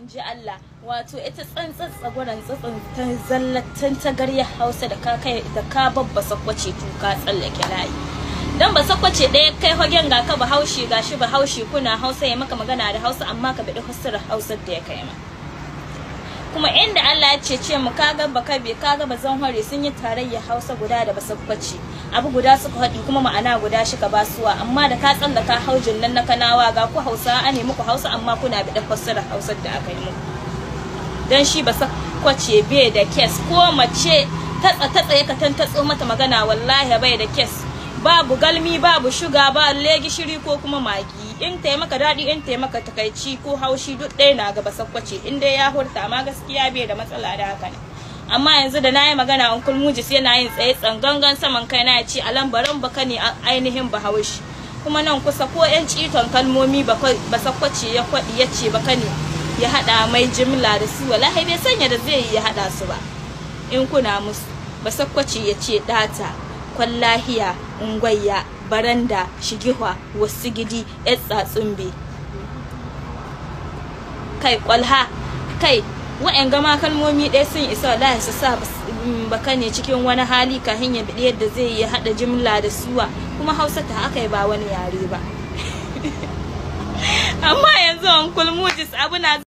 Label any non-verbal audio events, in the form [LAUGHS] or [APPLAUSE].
in ji Allah wato ita tsantsan tsagwaron tsatsan ta zallatan tagarya hausa da ka kai da ka babba sakwace tuka tsallake layi dan ba sakwace ɗaya kai hagen ga ka bahaushe ga shi bahaushe kuna hausa ya maka magana da hausa amma ka bi husar hausa da ya kai ma kuma inda Allah ya ce ce mu kaga baka ka kaga zan hore sun yi tarayya hausa guda da basakwace abu guda suka haɗi kuma ma'ana guda shi ka basuwa amma da ka tsallaka haujin nan na kanawa ga ku hausa an ne ku hausa amma kuna bi da fassara hausar da aka yi muku don shi ba kwace bai da kes ko mace tatsa tatsa ya katan tatso mata magana wallahi bai da kes babu galmi babu shuga ba alle gishiri ko kuma magi in ta maka daɗi in ta maka takaici ko haushi duk ɗaya na gaba sakwace in dai ya hurta ma gaskiya bai da matsala da haka ne amma yanzu da nayi magana uncle mujis yana yin tsaye tsangangan saman kai na ce alan baran baka ne ainihin bahaushe kuma nan kusa ko yan citon kalmomi ba sakwace ya kwaɗi ya ce baka ne ya haɗa mai jimla da su wallahi bai sanya da zai yi ya haɗa su ba in kuna musu ba sakwace ya ce ɗata kwallahiya ungwayya baranda shigihwa wasu gidi yan tsatsumbe kai kwalha kai wa'yan gama kalmomi ɗaya sun isa wallahi su sa mm, baka ne cikin wani hali ka hanyar biɗi yadda zai yi haɗa jimla da suwa kuma hausa ta haka ba wani yare ba [LAUGHS] amma yanzu an kulmujis abu na